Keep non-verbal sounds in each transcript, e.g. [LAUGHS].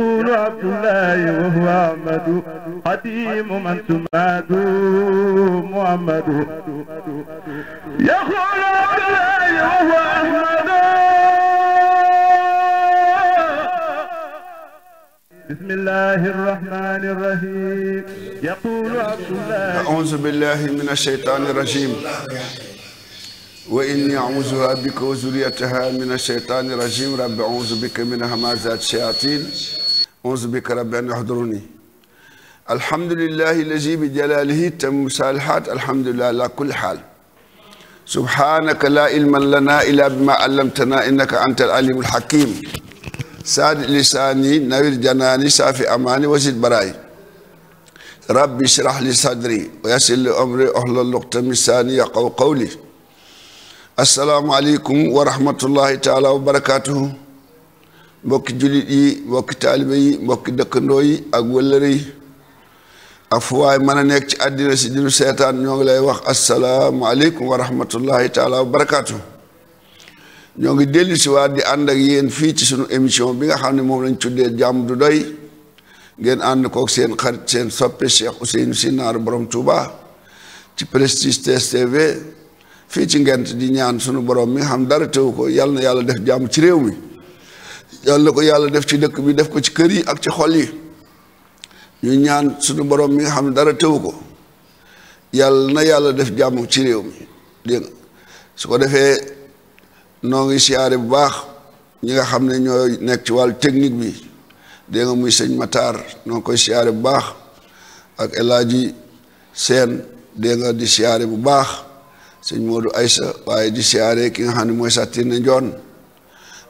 يقول عبد الله وهو أحمد قديم من تماد محمد يقول عبد الله وهو أحمد بسم الله الرحمن الرحيم يقول عبد الله أعوذ بالله من الشيطان الرجيم وإني أعوذ بك وذريتها من الشيطان الرجيم رب أعوذ بك من همازات الشياطين أعوذ بك رب أن يحضرني الحمد لله الذي بجلاله تم صالحات الحمد لله على كل حال سبحانك لا علم لنا إلا بما علمتنا إنك أنت العليم الحكيم ساد لساني نوير جناني سافي أماني وزيد براي ربي اشرح لي صدري ويسر لي أمري أهل اللقطة مساني يقو قولي السلام عليكم ورحمة الله تعالى وبركاته mbokki jullit yi mbokki taalibe yi mbokki dëkkandoo yi ak wëllëre yi ak fu waay mën ci dinu seetaan ñoo ngi lay wax asalaamualeykum wa rahmatullahi taala wa barakaatu ñoo ngi dellu si waat di ànd ak yéen fii ci sunu émission bi nga xam ne moom lañ tuddee jàmm du doy ngeen ànd koog seen xarit seen soppe Cheikh Ousseynou Sy prestis Borom Touba ci Prestige TSTV fii ci ngent di ñaan sunu borom mi nga xam dara teew ko yàlla na yàlla def jam ci mi yàlla ko yàlla def ci dëkk bi def ko ci kër yi ak ci xol yi ñu ñaan suñu borom mi nga xam ne dara tewu ko yàlla na yàlla def jàmm ci réew mi dégg su ko defee noo ngi siyaare bu baax ñi nga xam ne ñoo nekk ci wàll technique bi dégg nga muy sëñ mataar noo koy siyaare bu baax ak El Hadji Seen dégg nga di siyaare bu baax sëñ ay Aysa waaye di siyaare ki nga xam ne mooy sàttin na njoon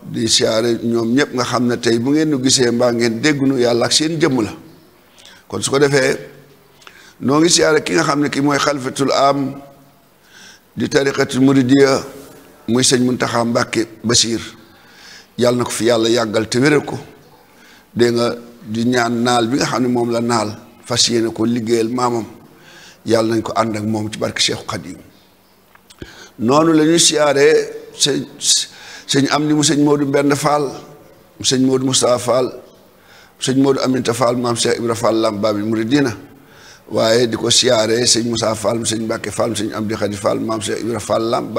di siyaare ñoom ñëpp nga xam ne tey bu ngeen nu gisee mbaa ngeen déggunu nu yàlla ak seen jëmm la kon su ko defee noo ngi siyaare ki nga xam ne ki mooy xalifatul am di tariqatul muridiya muy sëñ Muntaxa Mbàkke Basiir yàlla na ko fi yàlla yàggal te wéral ko dégg nga di ñaan naal bi nga xam ne moom la naal fas yéene ko liggéeyal maamam yàlla nañ ko ànd ak moom ci barke Cheikh Xadim noonu la ñuy siyaare sëñ am ni mu sëñ Modou Mbend Fall mu sëñ Modou Moustapha Fall mu sëñ Modou Aminta Fall Ibra Fall Lamp Babil Mouridina waaye di ko siyaare sëñ Moussa Fall mu sëñ Mbacke Fall mu sëñ Amdi Khadi Fall maam Cheikh Ibra Fall Lamp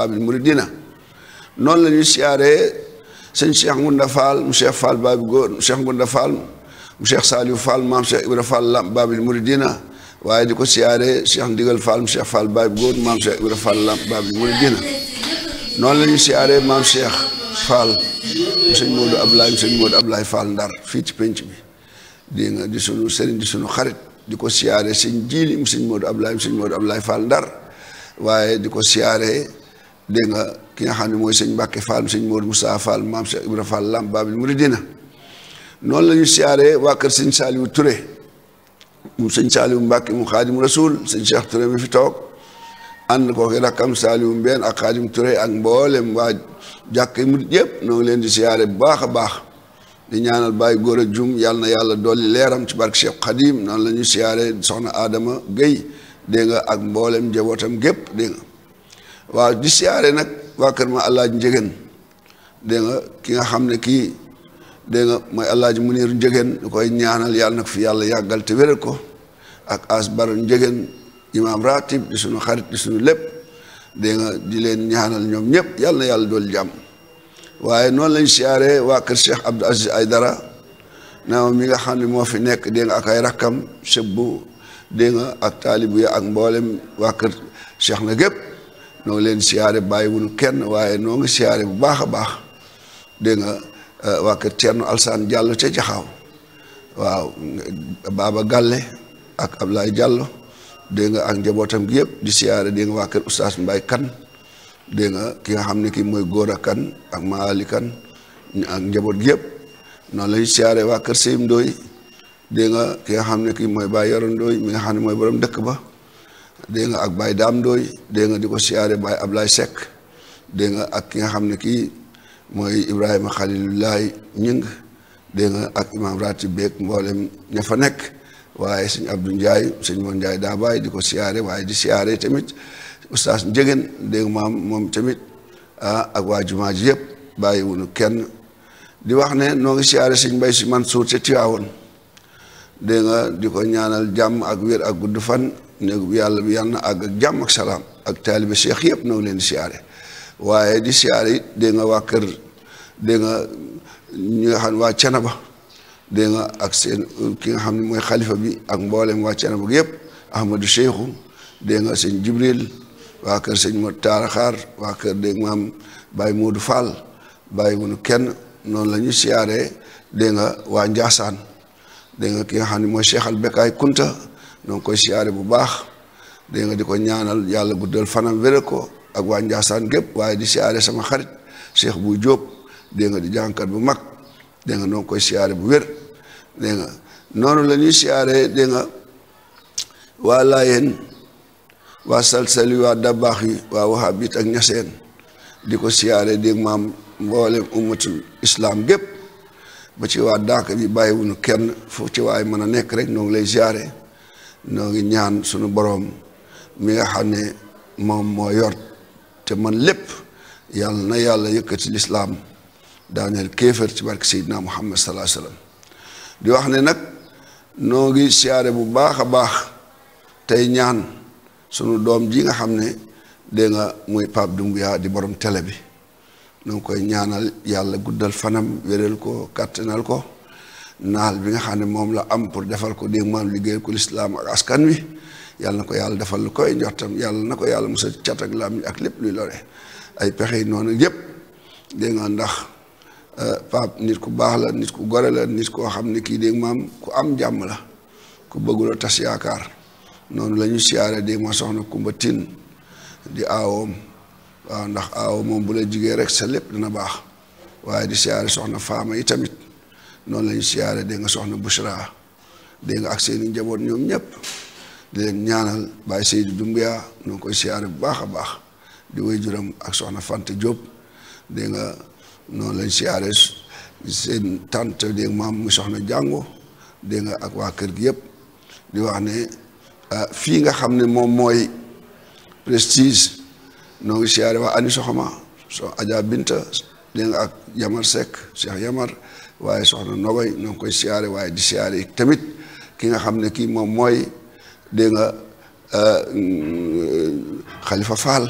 noonu la ñuy sëñ Cheikh mu Cheikh Fall Babi Góor mu Cheikh Ngunda Fall mu Cheikh Saliou Fall maam Cheikh Ibra Fall Lamp Babil Mouridina waaye di ko siyaare Cheikh Ndigal Fall mu Cheikh Fall Babi Góor maam Cheikh Ibra Fall Lamp Babil noonu la ñuy siyaare maam Cheikh. Fall mu sëñ Modou Ablaye mu sëñ Modou Ablaye Fall Ndar fii ci penc bi dégg nga di sunu sëriñ di sunu xarit di ko siyaare sëñ Jiili mu sëñ Modou Ablaye mu sëñ Modou Ablaye Ndar waaye di ko siyaare dégg nga ki nga xam ne mooy sëñ Mbàkke Fall mu sëñ Modou Moussa Fall maam Cheikh Ibra Fall Lamp Babil Mouridina noonu la ñu siyaare waa kër sëñ Saliou Touré mu sëñ Saliou Mbàkke mu Xaadimu Rasuul sëñ Cheikh Touré mi fi toog And ko rak am Saliou Mbène ak Xaadim Touré ak mboolem waa jàkka murit yëpp no ngi di siyaare bu baax a di ñaanal Baye Gora jum yàlla na yàlla leram leeram ci barke Cheikh Xadim noonu la ñu siyaare soxna Adama Guèye dégg nga ak mboolem njabootam gépp dégg nga waaw di siyaare nak waa ma Allah Njëgeen dégg nga ki nga xam ne kii dégg nga mooy Alaaji Muniir Njëgeen di koy ñaanal yàlla nag fi te ko ak Asbar Njëgeen imam ratib di sunu xarit di sunu lépp dégg nga di len ñaanal ñoom ñëpp yàlla na dol jam jàmm waaye lañ siyaare waa kër Cheikh Abdou Aziz Aidara. naa mi nga xam ne moo fi nekk dégg nga ak ay rakkam sëbbu dégg nga ak taalibu ya ak mboolem waa kër Cheikh na gépp noo ngi leen siyaare bàyyi wunu kenn waaye noo ngi siyaare bu baax baax dégg nga eh, waa kër Thierno Alsaan Diallo ca Jaxaaw waaw Baba Galle ak Ablaye Diallo dégg nga ak njabootam gi yëpp di siyaare dégg waa kër oustaz Mbaye kan dégg nga ki nga xam ne ki mooy góor a kan ak maali kan ak njaboot gi yëpp noonu la siyaare waa kër Seyim Ndoy dégg nga ki nga xam ne ki mooy Baye Yoro Ndoy mi nga xam ne mooy borom dëkk ba dégg nga ak Baye Daam Ndoy dégg nga di ko siyaare Baye Ablaye Seck dégg nga ak ki nga xam ne kii mooy Ibrahima Xalilullaay ñing dégg nga ak imam ratib beeg mboolem ña fa nekk waaye sëñ Abdou Ndiaye sëñ Moon Ndiaye daa bàyyi di ko siyaare waaye di siyaare tamit oustaz Njegen dégg ma moom tamit a ah, ak waa jumaa ji yëpp bàyyi wuñu kenn di wax ne noo ngi siyaare sëñ Mbay Si man ca Tiwaawoon dégg nga di ko ñaanal jàmm ak wér ak gudd fan néegu yàlla bi yàlla na ak jàmm ak salaam ak taalibe Cheikh yëpp noo ngi leen di waaye di siyaare it dégg nga waa kër dégg nga Canaba dégg nga ak seen ki nga xam ne mooy xalifa bi ak mboolem waa Thiénaba gi yëpp Ahmadou Cheikhou dégg nga sëñ Jibril waa kër sëñ Modou Tara Xaar waa kër dégg maam Baye Modou Fall bàyyi wunu kenn noonu la ñu siyaaree dégg nga waa Njaasaan dégg nga ki nga xam ne mooy Cheikh Albekaay Kunta ñoo ngi koy siyaare bu baax dégg nga di ko ñaanal yàlla guddal fanam wéré ko ak waa Njaasaan gépp waaye di siyaare sama xarit Cheikh bu Jóob dégg nga di jànkat bu mag dégg nga noo ngi koy siyaare bu wér dégg nga noonu la ñuy siyaare dégg nga waa laayeen waa salsali waa dabaax yi waa wahabit ak ñaseen di ko siyaare dégg maam mboolem ummatul islaam gépp ba ci waa daak bi bàyyiwuñu kenn fu ci waay mën a nekk rek noo lay siyaare noo ngi ñaan suñu boroom mi nga xam ne moom moo yor te man lépp yàlla na yàlla yëkkati lislaam daaneel kéefër ci barke Seydina Muhammad salaa sallam di wax ne nag noo ngi siyaare bu baax a baax tey ñaan sunu dom ji nga ne nga muy Pape Doumbouya di borom télé bi nu ngi koy ñaanal yàlla guddal fanam wéral ko kàttanal ko nal bi nga la am pour defal ko dégg maam liggéeyal ko lislaam ak askan wi yàlla nako ko yàlla defal lu koy njortam yàlla na ko yàlla musal ak lam ak lépp luy lore ay pexe yi noonu yëpp nga ndax Euh, Pape nit ku baax la nit ku gore la nit koo xam ne kii dégg maam ku am jàmm la ku bëggula tas yaakaar noonu lañu ñu siyaare dégg ma soxna Kumba Tine di aawoom waaw ndax aawo moom bu la jigee rek sa lépp dina baax waaye di siyaare soxna Faama yi tamit noonu la ñu siyaare dégg nga soxna Bouchra dégg nga ak seeni njaboot ñoom ñëpp di leen ñaanal Baye Seydou Doumbia ñoo ngi koy siyaare bu baax a baax di way juram ak soxna fant Diop dégg nga noonu lañ siyaare seen tante dégg nga maam muy soxna jàngo dégg nga ak waa kër gi yëpp di wax ne nga xam ne moom prestige noo ngi siyaare ani soxama so Adja Binta dégg nga ak Yamar sek Cheikh Yamar waaye soxna Nogoy noo ngi koy siare waaye di siare tamit ki nga xam ki kii moom mooy nga mm, Khalifa Fall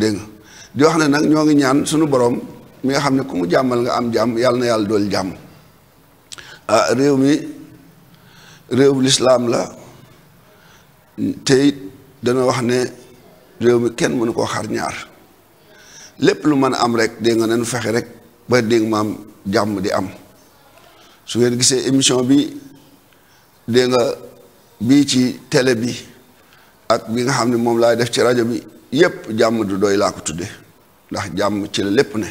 dégg nga di wax ne nag ñoo ñaan sunu borom. mi nga xam ne ku mu jàmmal nga am jàmm yàlla na yàlla dool jàmm ah, réew mi réew lislaam la te it dana wax ne réew mi kenn mënu koo xar ñaar lépp lu mën a am rek dégg nga nanu fexe rek ba dégg maam jàmm di am su ngeen gisee émission bi dégg nga bii ci tele bi ak bi nga xam ne moom laay def ci rajo bi yépp jàmm du doy laa ko tudde ndax jàmm ci la lépp ne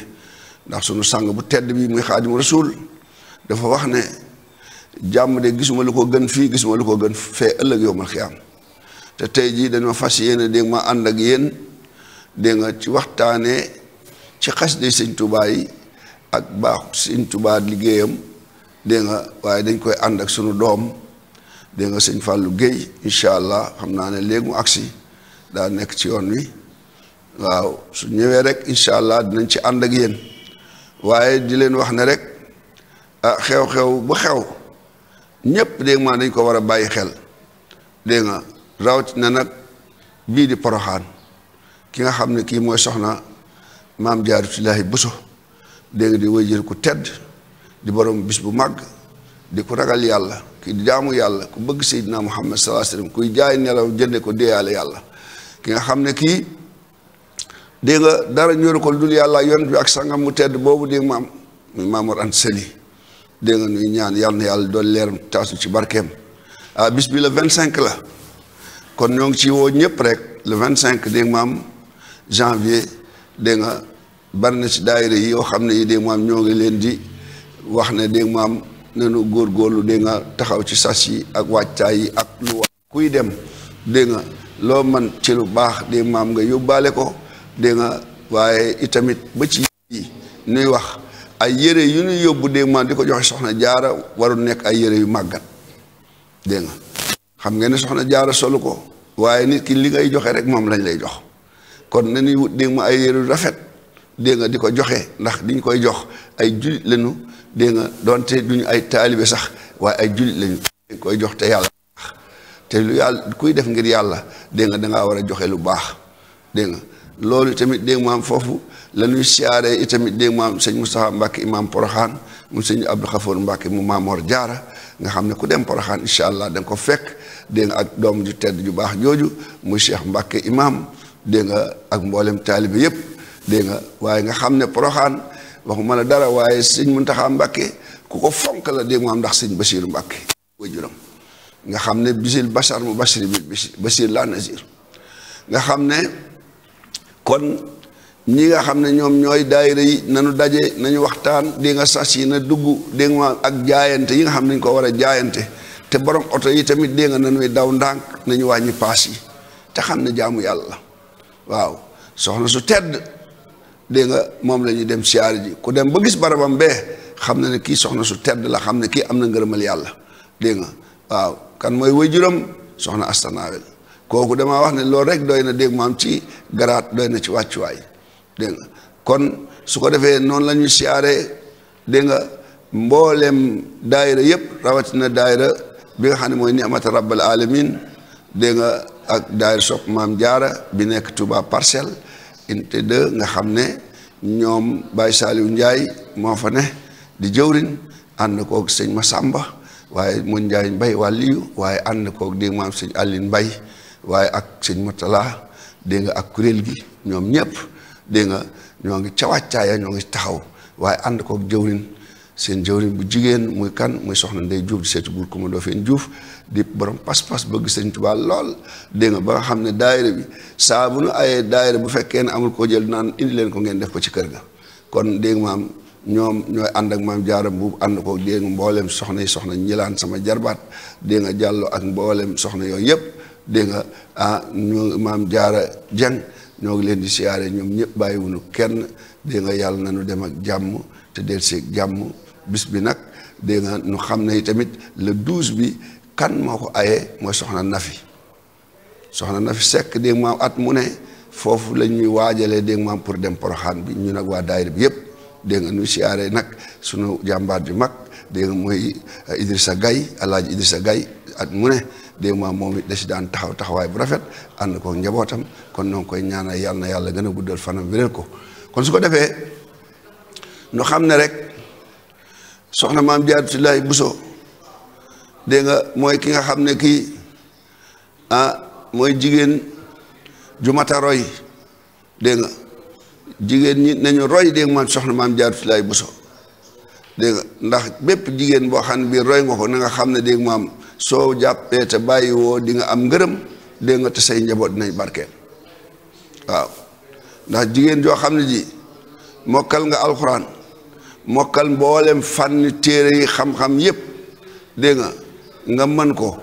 ndax sunu sàng bu tedd bi muy xaadimu rasul dafa wax ne jàmm de gisuma lu ko gën fii gisuma lu ko gën fee ëllëg yowmal xiyaam te tey jii dañoo fas yéene dégg ma ànd ak yéen dégg nga ci waxtaanee ci xas de sëñ ak baax sëñ liggéeyam dégg nga waaye dañ koy ànd ak sunu doom dégg nga sëñ Fallou Guèye incha allah xam naa ne léegi mu agsi daa nekk ci yoon wi waaw su ñëwee rek incha allah dinañ ci ànd ak yéen. waaye di leen wax na rek ah xew-xew bu xew ñépp dégg ma dañ ko war a bàyyi xel dégg nga rawat na nag bii di poroxaan ki nga xam ne kii mooy soxna maam jaaratullaahi buso dégg nga di jël ku tedd di borom bis bu màgg di ku ragal yàlla ki di jaamu yàlla ku bëgg seydina muhammad sallallahu alayhi kuy jaay nelaw jënde ko déeyaale yàlla ki nga xam ne kii dégg nga dara ñoru ko dul yàlla yonent ak sangam mu tedd boobu dégg maam muy Maamoor Anta Sali ñaan yàlla na yàlla dool leeram taasu ci barkeem ah bis bi le vingt cinq la kon ñoo ngi ci woo ñëpp rek le vingt cinq dégg maam janvier nga bari na ci daayira yi yoo xam ne yi dégg ñoo ngi leen di wax ne dégg maam nanu góorgóorlu dégg nga taxaw ci sas yi ak wàccaay yi ak lu kuy dem dégg loo man ci lu baax dégg maam nga yóbbaale ko dégg nga waaye itamit ba ci yi nuy wax ay yére yu ñu yóbbu dégg ma di ko joxe soxna jaara waru nek ay yere yu màggat dégg nga xam ngeen ne soxna jaara solu ko waaye nit ki li ngay joxe rek moom lañ lay jox kon nañuy wut dégg ma ay yere rafet dégg nga di ko joxe ndax diñ koy jox ay jullit lañu dégg nga donte duñu ay taalibe sax waaye ay jullit lañu dañ koy jox te yàlla te lu yàlla kuy def ngir yàlla dégg nga dangaa war a joxe lu baax dégg nga loolu tamit dégg maam foofu la ñuy siyaaree itamit dégg maam sëñ Moustapha Mbacke imam Poroxaan mu sëñ Abdou Khafour Mbacke mu Maamoor Jaara nga xam ne ku dem Poroxaan incha allah da nga ko fekk dégg ak doom ju tedd ju baax jooju mu Cheikh Mbacke imam dégg nga ak mboolem taalibe yëpp dégg waaye nga xam ne Poroxaan waxuma la dara waaye sëñ Mountakha Mbacke ku ko fonk la dégg maam ndax sëñ Bachir Mbacke waajuram nga xam ne bisil bachar mu bachir bi basir la nasir kon ñi nga xam ne ñoom ñooy daayira yi nañu daje nañu waxtaan di nga sas yi na dugg dégg ak jaayante yi nga xam ne ñu ko war a jaayante te borom oto yi tamit dégg na nañuy daw ndànk nañu wàññi paas yi te xam ne jaamu yàlla waaw soxna su tedd dégg nga moom lañuy ñuy dem siyaar ji ku dem ba gis barabam bee xam na ne kii soxna su tedd la xam ne kii am na ngërëmal yàlla dégg nga waaw kan mooy waajuram soxna astanawel kooku damaa wax ne loolu rek dooy na dégg maam ci garaat doy na ci wàccuwaay dégg nga kon su ko defee noonu la ñuy siyaaree dégg nga mbooleem daayira yëpp rawatina daayra bi nga xam ne mooy ni'mata rabbal alamin dégg nga ak daayira sopp maam jaara bi nekk tubaab Parcelles unité 2 nga xam ne ñoom Baye Saliou Ndiaye moo fa ne di jëwrin ànd koog sëñ sàmba waaye mu Ndiaye Mbaye wàlliyu waaye ànd koog dégg maam sëñ Aline Mbaye waaye ak sëñ Murtala dégg nga ak kuréel gi ñoom ñëpp dégg nga ñoo ngi ca wàccaaya ñoo ngi taxaw waaye ànd kook jëwrin seen jëwrin bu jigéen muy kan muy soxna Ndey Juuf di seeti buur Kumba Ndoofeen Juuf di borom pas-pas bëgg sëñ Tuubaa lool dégg nga ba nga xam ne daayira bi saa bu nu ayee daayira bu fekkee ne amul koo jël naan indi leen ko ngeen def ko ci kër ga kon dégg nga maam ñoom ñooy ànd ak maam jaaram bu ànd ko dégg nga mboolem soxna yi soxna ñilaan sama jarbaat dégg nga jàllo ak mboolem soxna yooyu yëpp dégg nga ah ñoo maam jaara jeng ñoo ngi leen di siyaare ñoom ñëpp bàyyiwunu kenn dégg nga yàlla na nu dem ak jàmm te del seeg jàmm bis bi nag dégg nga nu xam ne tamit le douze bi kan moo ko aye mooy soxna Nafi soxna Nafi Seck dégg maam at mu ne foofu la ñuy waajalee dégg maam pour dem poroxaan bi ñu nag waa daayira bi yëpp dégg nga nuy siyaare nag sunu jàmbaar bi mag dégg nga mooy Idrissa Gaye Alaaji Idrissa gay at mu ne des mois moom it da si taxaw taxawaay bu rafet ànd ko njabootam kon noo ngi koy ñaanal yàlla na yàlla gën a guddal fanam wéral ko kon su ko defee nu xam ne rek soxna maam Jaaratullaahi Buso dégg nga mooy ki nga xam ne kii ah, mooy jigéen ju mat a roy dégg nga jigéen ñi nañu roy dégg man soxna maam Jaaratullaahi Buso dégg ndax bépp jigéen boo xam ne roy nga ko na nga xam ne dégg maam so jàppee eh, te bàyyi woo di nga am ngërëm dégg nga te say njaboot dinañ barkeel waaw ndax jigéen joo xam ne ji mokkal nga alxuraan mokkal mboolem fànni téere yi xam-xam yépp dégg nga nga man ko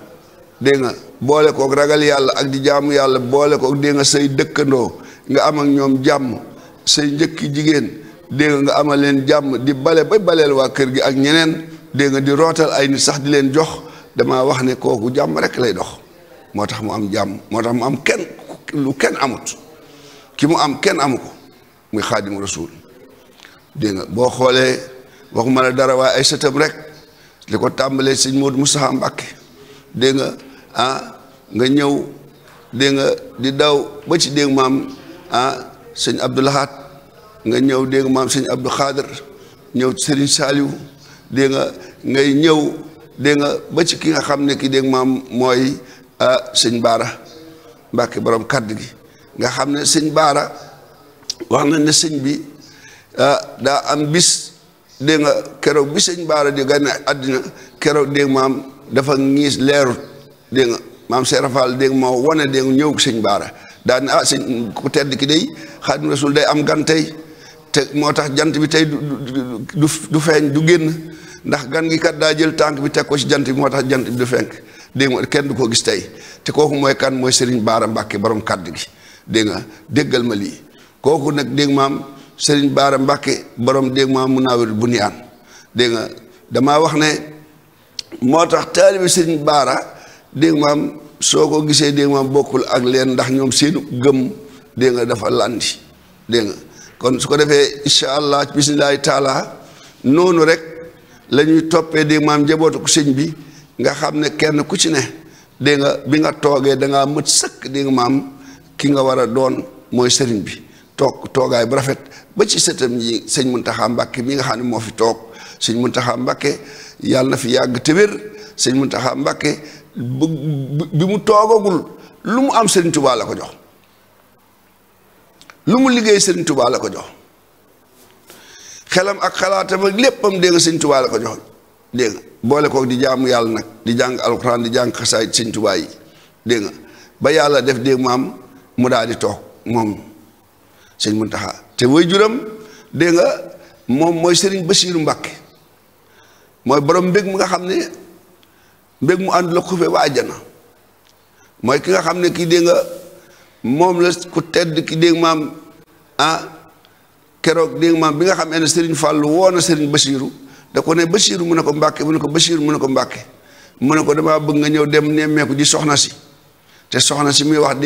dégg nga boole kook ragal yàlla ak di jaamu yàlla ko kook dégg nga say dëkkandoo nga am ak ñoom jàmm say njëkki jigéen dégg nga amalen amal di bale ba baleel waa kër gi ak ñeneen dégg nga di rootal ay nit sax di len jox damaa wax ne kooku jàmm rek lay dox moo tax mu am jàmm moo tax mu am kenn lu kenn amut ki mu am kenn amu ko muy xaadimu rasul dégg nga boo xoolee waxuma la dara waaye ay sëtam rek li ko tàmbalee sëñ Modou Moustapha Mbacké dégg nga ah nga ñëw dégg nga di daw ba ci dégg maam ah sëñ Abdou nga ñëw dégg maam sëñ Abdou Khader ñëw Serigne Saliou dégg nga ngay ñëw dégg nga ba ci ki nga xam ne ki dégg maam mooy ah, sëñ Baara Mbàkke borom kàdd gi nga xam ne sëñ Baara wax na ne sëñ bi ah, daa am bis dégg nga keroog bi sëñ Baara di gane àddina keroog dégg maam dafa ñiis leerut dégg nga maam Serafal dégg moo wane dégg ñëw sëñ Baara daa ne ah sëñ ku tedd ki day Xaadimu Rasuul day am gan tey te moo tax jant bi tey du du feeñ du génn. ndax gan gi kat daa jël tànk bi teg ko ci jant bi moo tax jant bi du fenk dégg nga kenn du ko gis tey te kooku mooy kan mooy Serigne Baara Mbacke borom kàddu gi dégg nga déggal ma lii kooku nag dégg maam Serigne Baara Mbacke borom dégg maam mu naawir bunyan niyaan dégg nga damaa wax ne moo tax Serigne Baara dégg maam soo ko gisee dégg maam bokkul ak leen ndax ñoom seenu gëm dégg nga dafa landi dégg nga kon su ko defee incha allah taala noonu rek. lañuy ñuy toppee dégg maam njabootu ko sëñ bi nga xam ne kenn ku ci ne dégg bi nga toogee da mët sëkk dégg maam ki nga war a doon mooy sëriñ bi toog toogaay bu rafet ba ci sëtam yi sëñ Muntaxa Mbàkke mi nga xam ne moo fi toog sëñ Muntaxa Mbàkke yàlla na fi yàgg te wér sëñ Muntaxa Mbàkke bi mu toogagul lu mu am sëriñ Tuubaa la ko jox lu mu liggéey sëriñ Tuubaa la ko jox xelam ak xalaatam ak léppam dégg nga sëñ la ko joxoñ dégg boole kook di jaamu yàlla nag di jàng alxuraan di jàng xasaay sëñ tubaa yi dégg nga ba yàlla def dégg maam mu daal di toog moom sëñ Muntaxa te way juram dégg nga moom mooy sëriñ Basiiru Mbàkke mooy borom mbég mu nga xam ne mbég mu ànd la xufe ba àjjana mooy ki nga xam ne kii dégg nga moom la ku tedd ki dégg maam ah, keroog dégg maam bi nga xam ne Serigne Fallou woo na Serigne Bassirou da ko ne Bassirou mu ne ko Mbàkke mu ne ko Bassirou mu ko Mbàkke mu ko bëgg nga ñëw dem soxna si te soxna si muy wax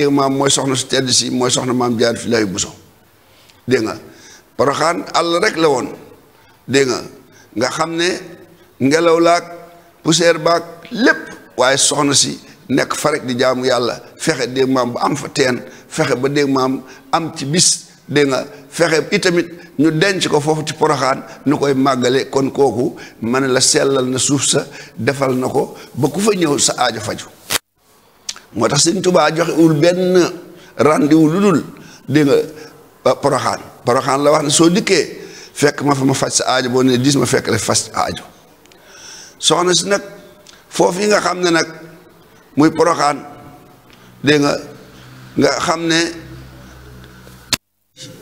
soxna tedd soxna maam jaar fi lay buso dégg nga Poroxaan àll rek la woon dégg nga nga xam ne ngelaw laak poussière baak lépp waaye soxna si nekk farek di jaamu maam am fa ba maam am ci bis dégg nga fexe itamit ñu denc ko foofu ci poroxaan nu koy màggale kon kooku ma ne la sellal na suuf sa defal na ko ba ku fa ñëw sa aajo faju moo tax sëñ Tuubaa joxewul benn rendez lu dul dégg nga poroxaan poroxaan la wax ne soo dikkee fekk ma fa ma faj sa aajo boo ne dis ma fekk la faj sa soxna si nag foofu yi nga xam ne nag muy poroxaan dégg nga nga xam ne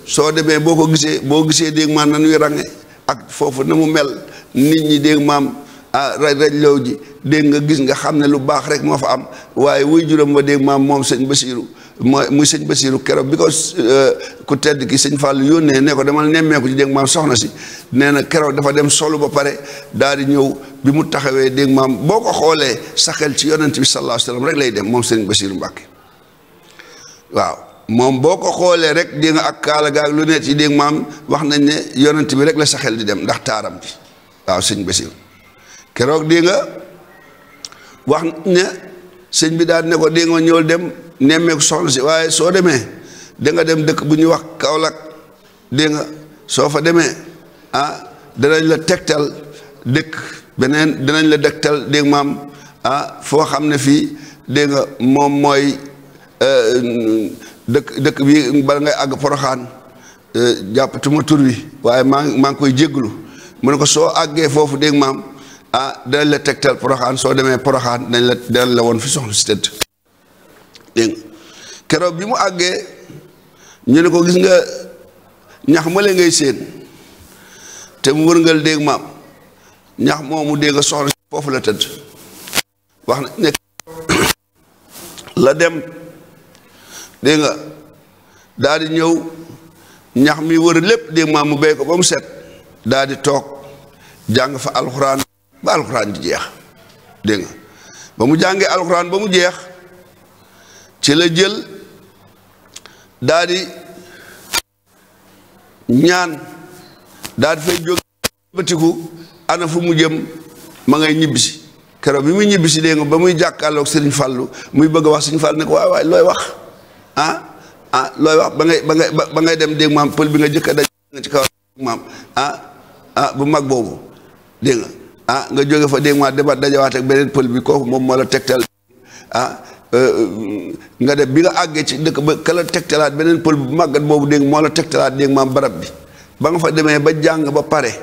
soo demee boo ko gisee boo gisee dégg maam na nuy range ak foofu na mu mel nit ñi dégg maam ah, raj raj loow ji dégg nga gis nga xam ne lu baax rek moo fa am waaye wuy juróom ba dégg maam moom sëñ Basiiru moo muy sëñ Basiiru keroog bi ko euh, ku tedd ki sëñ Fàllu yónnee ne ko demal nemmeeku ci dégg soxna si nee na keroog dafa dem solu ba pare daal di ñëw bi mu taxawee dégg maam boo ko xoolee sa xel ci yonent bi sallallahu alayhi wa sallam rek lay dem moom sëñ Basiiru Mbàkke waaw moom boo ko rek di nga ak kaala gaag lu ne ci dégg maam wax nañ ne yonent bi rek la sa xel di dem ndax taaram bi waaw sëñ Basiru keroog di nga wax ne bi ne ko di nga dem nemmeeku soxna si waaye soo demee da nga dem dëkk bu wax Kaolack di nga soo fa demee ah danañ la tegtal dëkk beneen danañ la tegtal dégg mam ah fo xam fi fii dégg nga dëkk dëkk bi bala ngay àgg poroxaan e, jàppatuma tur wi waaye maa maa ngi koy jégglu mu ne ko soo àggee foofu dégg maam ah danañ la tegtal poroxaan so demee poroxaan dañ la danañ la woon fi soxna si tëdd dégg keroog bi mu àggee ñu ne ko gis nga ñax male ngay séen te mu wërngal dégg maam ñax moomu dégg soxna si la tëdd wax na [COUGHS] la dem deng nga daal di ñëw ñax mi wër lépp dégg maa mu béy ko ba mu set daal di toog jàng fa alxuraan ba alxuraan di jeex deng nga ba mu jàngee alxuraan ba mu jeex ci la jël daal di ñaan daal di fay jóg batiku ana fu mu jëm ma ngay ñibbisi keroog bi muy ñibbisi dégg nga ba muy jàkkaarloog Serigne Fallou muy bëgg a wax Serigne Fallou ne ko waay waay looy wax ah ah looy wax ba ngay ba ngay ba ngay dem dégg maam pël bi nga jëkk a daj nga ci kaw maam ah ah bu mag boobu dégg nga ah nga jóge fa dégg maam defaat dajawaat ak beneen pël bi kooku moom mo la tegtal ah nga def bi nga àggee ci dëkk ba ka la tegtalaat beneen pël bu màggat boobu dégg moo la tegtalaat dégg maam barab bi ba nga fa demee ba jàng ba pare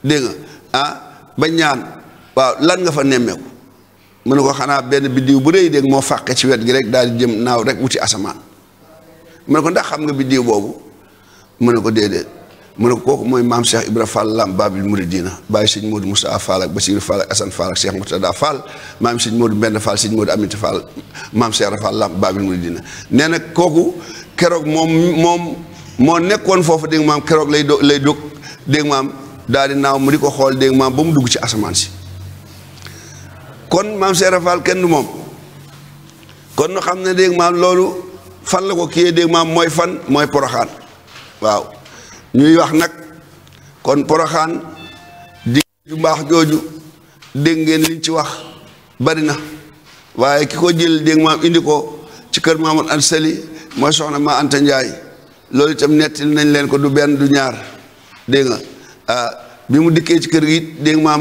dégg nga ah ba ñaan waaw lan nga fa nemmeeku mu ne ko xanaa benn biddiw bu rëy dégg moo fàqe ci wet gi rek daal di jëm naaw rek wuti asamaan mu ne ko ndax xam nga biddiw boobu mu ne ko déedéet mu ne ko kooku mooy maam Cheikh Ibra Fall Lamp Babil Mouridina bàyyi sëñ Modou Moustapha Fall ak Basir Fall ak Assane Fall ak Cheikh Moutada Fall maam sëñ Modou Mbend Fall sëñ Modou Aminta Fall maam Cheikh Ibra Fall Lamp Babil Mouridina nee na kooku keroog moom moom moo nekkoon foofu dégg maam keroog lay do lay dog dégg daal di naaw mu di ko xool dégg ba mu dugg ci asamaan si kon maam Cheikh Ibra Fall kenn du moom kon nu xam ne dégg loolu fan la ko kiyee dégg maam mooy fan mooy poroxaan waaw ñuy wax nag kon poroxaan di ju mbaax jooju dégg ngeen liñ ci wax bari na waaye ki ko jël dégg ma indi ko ci kër Maamor Anta Sali mooy soxna ma Anta Njaay loolu itam nettali nañ leen ko du benn du ñaar dégg nga ah, bi mu dikkee ci kër gi dégg ma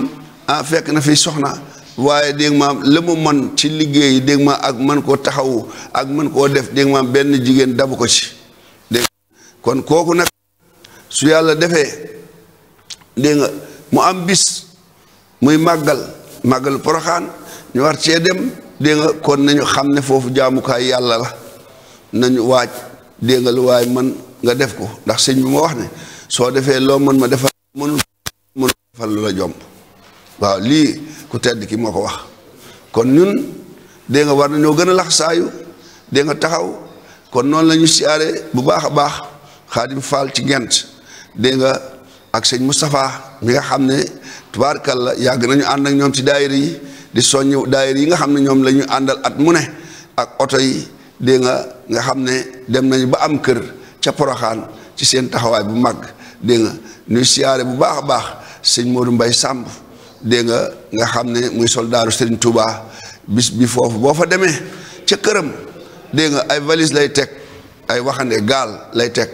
ah fekk na fi soxna waaye dégg maam la mu man ci liggéey dégg ma ak man koo taxawu ak mën koo def dégg maam benn jigéen dabu ko ci dégg kon kooku nag su yàlla defee dégg mu am bis muy màggal màggal poroxaan ñu war cee dem dégg kon nañu xam ne foofu jaamukaay yàlla la nañu waaj dégg nga lu waaye man nga def ko ndax sëñ bi ma wax ne soo defee loo mën ma defal mënul mënul defal lu la jomb waaw lii ku tedd ki moo ko wax kon ñun dégg nga war ñoo gën lax saayu dégg nga taxaw kon noonu la ñu bu baax a baax Xaadim Faal ci gent dégg nga ak sëñ Moustapha mi nga xam ne tubaarkàlla yàgg nañu ànd ak ñoom ci daayira yi di soññ daayira yi nga xam ne ñoom la at mu ne ak oto yi nga nga xam dem nañu ba am kër ca Poroxaan ci seen bu mag dégg nga bu baax baax sëñ Modou dégg nga nga xam ne muy soldaaru Serigne Touba bis bi foofu boo fa demee ca këram dégg nga ay valise lay teg ay waxande gaal lay teg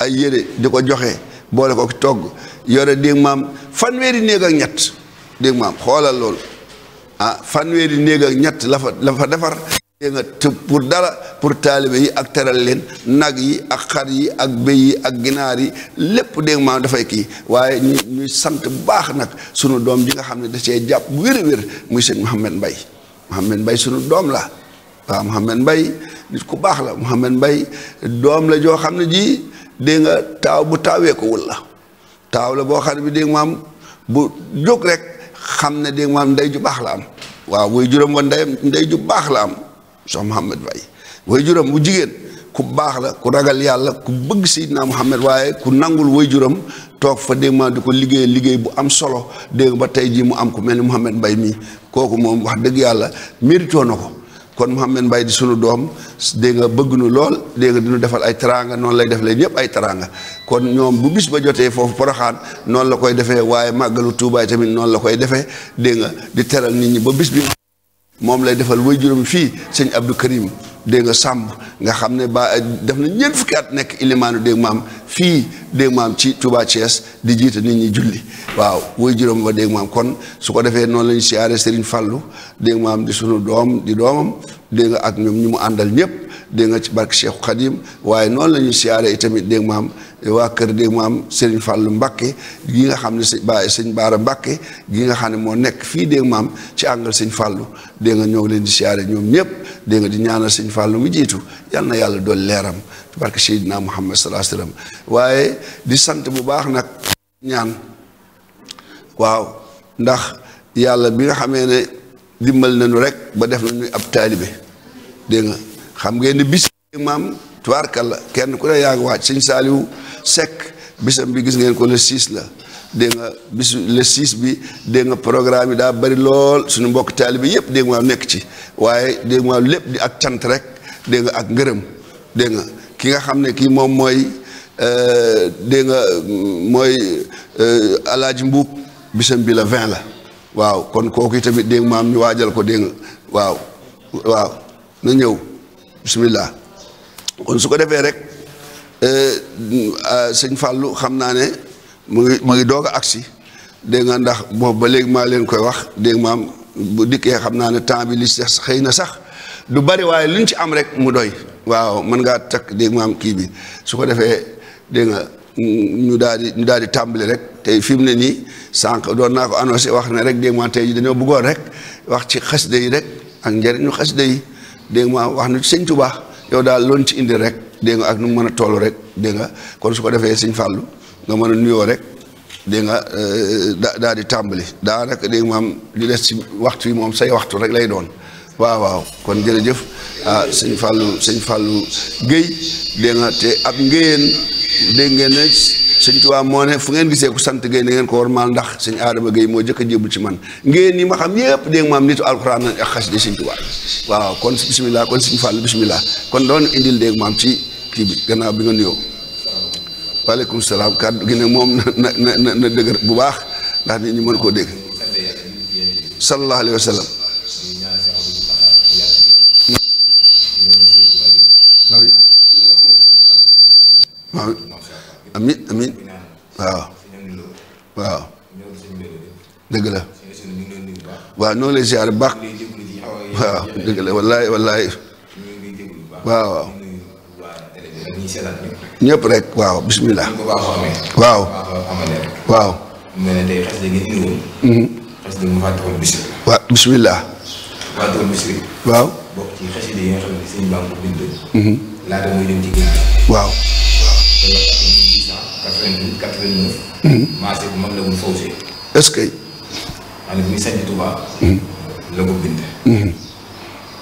ay yére di ko joxe boole ko togg yore dégg maam fanweeri néeg ak ñett dégg maam xoolal loolu ah fanweeri néeg ak ñett la fa la fa defar nga tëb pour dara pour taalibe yi ak teral leen nag yi ak xar yi ak béy yi ak ginaar yi lépp dégg maam dafay kii waaye ñu ñuy sant baax nag sunu doom ji nga xam ne da cee jàpp wér wér muy sëñ Mouhamed Mbaye Mouhamed Mbaye sunu doom la waaw Mouhamed Mbaye nit ku baax la Mouhamed Mbaye doom la joo xam ne ji dégg nga taaw bu taawee ko wul la taaw la boo xam ne bi dégg maam bu jóg rek xam ne dégg maam ndey ju baax la am waaw buy juróom wa nday ndey ju baax la am Cheikh Mouhamed Baye way juram bu jigéen ku baax la ku ragal yàlla ku bëgg Seydina Mouhamed waaye ku nangul way juram toog fa dégg ma di ko liggéey liggéey bu am solo dégg ba tey jii mu am ku mel ni Mouhamed mbay mii kooku moom wax dëgg yàlla méritoo na ko kon Mouhamed Mbaye di sunu doom dégg nga bëgg nu lool dégg nga di nu defal ay teraanga noonu lay def leen ñëpp ay teraanga kon ñoom bu bis ba jotee foofu poroxaan noonu la koy defe waaye màggalu tuubaay tamit noonu la koy defee dégg nga di teral nit ñi ba bis bi moom lay defal way juróom fii sëñ Abdou Karim dégg nga sàmb nga xam ne ba def na ñeent fukki at nekk ilimaanu dégg maam fii dégg maam ci Touba Thiès di jiite nit ñi julli waaw way juróom ba dégg maam kon su ko defee noonu la ñu siyaare Serigne Fallou dégg maam di sunu doom di doomam dégg nga ak ñoom ñu mu àndal ñëpp dégg nga ci barke Cheikh Khadim waaye noonu la ñuy siyaaree itamit dégg maam waa kër dégg maam Serigne Fallou Mbakke gi nga xam ne sëñ Ba sëñ Baara nga xam ne moo nekk fii dégg maam ci àngal sëñ fàllu dégg nga ñoo leen di siyaaree ñoom ñëpp dégg nga di ñaanal sëñ fàllu mu jiitu yal na yàlla dool leeram ci barke Seydina Muhammad sallallahu alayhi wasallam waaye di sant bu baax nag ñaan waaw ndax yàlla bi nga xamee ne dimbal nañu rek ba def nañu ab taalibe dégg nga. xam ngeen ni bis maam la kenn ku ne yaa ngi waaj sëñ Saaliw Sekk bisam bi gis ngeen ko le 6 la dégg nga bisu le 6 bi dégg nga programme yi daa bari lool suñu mbokk taalibe yëpp dégg nga maam nekk ci waaye dégg maam lépp di ak cant rek dégg ak ngërëm dégg nga ki nga xam ne kii moom mooy euh, dégg nga mooy euh, alaaji mbuub bisam bi la 20 la waaw kon kooku tamit dégg nga maam ñu waajal ko dégg nga waaw na ñëw bisimilah kon su ko defee rek eh, ah, sëñ fàllu xam naa ne mu ngi mu ngi doog a agsi dégg nga ndax boobu ba léegi maa leen koy wax dégg maam bu dikkee xam naa ne temps bi li sax xëy na sax du bari waaye lu ñu ci am rek mu doy waaw mën ngaa takk dégg maam kii bi su ko defee dégg nga ñu daal di ñu daal di tàmbali rek tey fi mu ne nii sànq doon naa ko annoncé wax ne rek dégg maam tey dañoo bëggoon rek wax ci xasida yi rek ak njëriñu xasida yi dégg nga wax na sëñ Tuubaa yow daal loon ci indi rek dégg ak nu mu mën a toll rek dégg nga kon su ko defee sëñ Fàllu nga mën a nuyoo rek dégg nga euh, da daal di tàmbali daa rek dégg nga maam li des ci waxtu yi moom say waxtu rek lay doon waaw waaw kon jërëjëf ah sëñ Fàllu sëñ Fàllu Géy dégg nga te ab ngéyeen dégg ne sëñ Tuubaa moo ne fu ngeen gisee ku sant Guèye na ngeen ko warmaal ndax sëñ Adama Guèye moo jëkk a jébul ci man ngeen ñi ma xam yëpp dégg nga nitu alxuraan ak xasida sëñ Tuubaa waaw kon bisimilah kon sëñ Fall bisimilah kon doon indil dégg maam ci kii bi gannaaw bi nga nuyoo waaleykum salaam kàddu gi ne moom na na na bu baax ndax nit ñi mën koo dégg sallallahu alayhi wa sallam oui moom amit waaw waaw dëgg la waaw noonu lay ziar baax waaw dëgg la wallaay waaw waaw ñëpp rek waaw bismillah waaw waaw mhm. bismillah waaw 1892. Mmh. marché bi moom la wul Fawcet. est-ce que. maanaam bi ñu sañ Touba. Mmh. la ko bind. Mmh.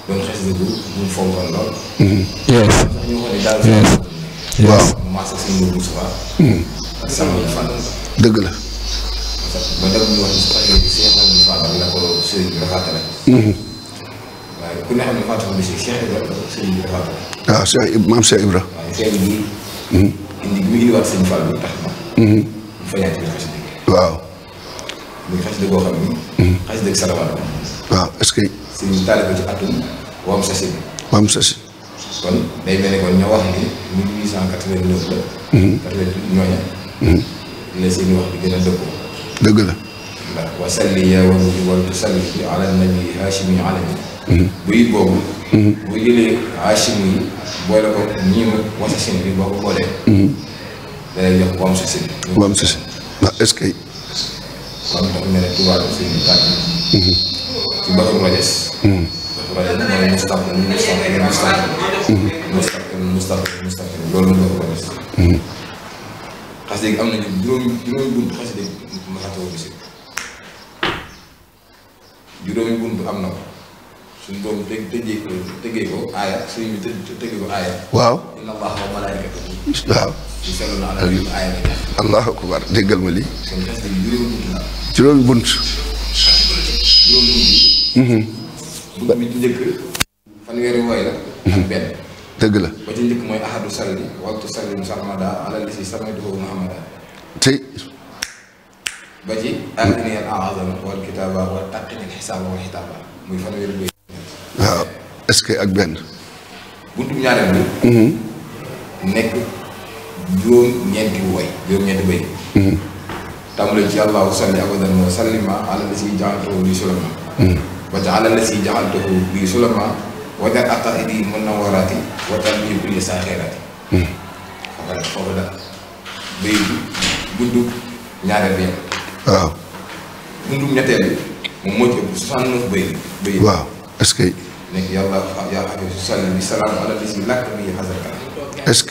doon xes dëgg bu mu fonkoon lool. yes ñu waxoon ne daal. waaw marché suñu mbir Moussa. ak sama Fallou. dëgg la. ba dëgg ñu wax ne sa période bi Cheikh Mamadou Fallou la ko sëriñ bi rafetale. waaye ku ne xam ne Fatou Cheikh Ibrahima sëriñ bi rafetale. Ah, waaw Cheikh Ibrahima maam Cheikh Ibrahima. waaye Cheikh bi. indi mi indiwaat sëñ Fall bi tax na. mu mhm. fayaat bi xas dëgg. waaw. muy xas dëgg boo xam ni. Mhm. salawaat la. waaw est-ce que. sëñ taale ko ci atum waam sasi bi. waam sasi. kon day mel ne kon ñoo wax ni 1889 la. 88 mhm. ñooña. la seen wax bi gën a dëppoo. dëgg la. ndax wasalli yaa wal tusalli ala nabi haashimi alami. bu it boobu. bu jëlee Hachim yi boole ko ñii ma Wasachin day jox Wam Sassine. Wam Sassine waaw est-ce que. kon dafa mel ci Batou Rajes. Mhm. Batou Rajes mooy Moustapha Moustapha mhm. am na juróomi juróomi bunt xas léegi juróomi bunt am na ko. suñu boobu dé tëjee ko tëggee ko aaya suñu bi të tëggee ko aaya. waaw inna allaha wa malaikatahu. waaw. allahu akbar déggal ma lii. kon xes bi juróomi bunt la. juróomi bunt. juróomi bunt. Mhm. bunt bi ci njëkk fanweeri woy la. ak mhm. benn. dëgg la. ba ci njëkk mooy ahadu salli waxtu salli musamada ala lisi samaytuhu muhammada. tey. ba ci. aatini al azama wal kitaba wa taqini al xisaaba wal xitaaba muy fanweeri waaw est-ce que ak benn. buntu ñaareel bi. Mm-hmm. nekk juróom-ñeenti way juróom-ñeenti bay. Mm-hmm. tàmbale ci allahu salli abadan wa sallima ala mm-hmm. la si jaxaltoo bi sulama. wa ca ala la si jaxaltoo bi sulama. wa ca attax di mën na waraati wa ca li kulli saa xeeraati. xam nga foofu la bay bi buntu ñaareel bi yam. waaw. buntu ñetteel bi moom moo ci ëpp soixante neuf bay. bay waaw est-ce que. nekk yàlla yaa est-ce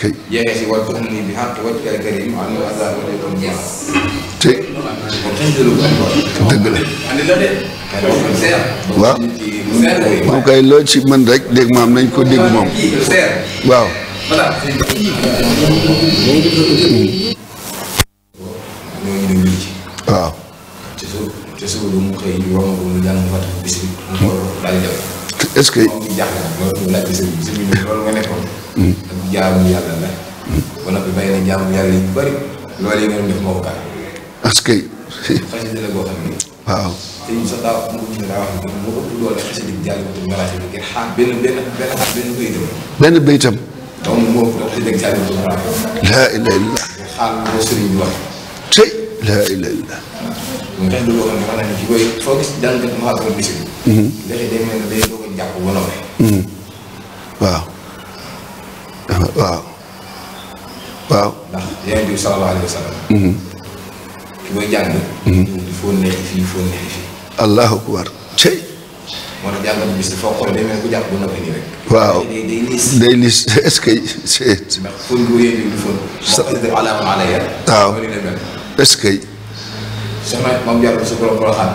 mu baax. te. kon xëy na loolu am dëgg la. waaw. kay loo ci mën rek dégg maam nañ ko dégg moom. waaw. est-ce que. moom jaaxal loolu laaj sëñ bi sëñ bi loolu nga nekkoon. Hmm. ak jaamu yàlla la. Hmm. ba noppi bàyyi na jaamu yàlla yu bari. loolu yi nga doon def moo ko tax. parce que. xasida la boo xam ne. waaw. te ñun sax daaw mu ngi daa wax ne moo ëpp loolu xasida bi jàll ko maraas bi ngeen xaar benn benn benn xaar benn béytam. benn béytam. donc moo ëpp loolu xasida bi jàll ko maraas bi. laa ilaha illallah. xaar moo sëriñ bi wax. te laa ilaha illallah. xasida boo xam ne wax nañu ci koy foo gis jàngat maa ko gis. léegi day mel ne day jàpp ba noppi. Hmm. waaw. Ah, waaw. waaw. ndax yonent bi sallallahu alayhi wa sallam. Hmm. ki koy jàng. Hmm. il faut neex fii il faut neex fii. allahu akbar. cey. moo tax jàngat bis foo xool day mel ku jàpp ba noppi nii rek. waaw day day liis day liis [LAUGHS] est-ce que. ndax fóon bi yonent bi du fóon. sa waaw est-ce que. soxna moom jàpp su borom borom xam.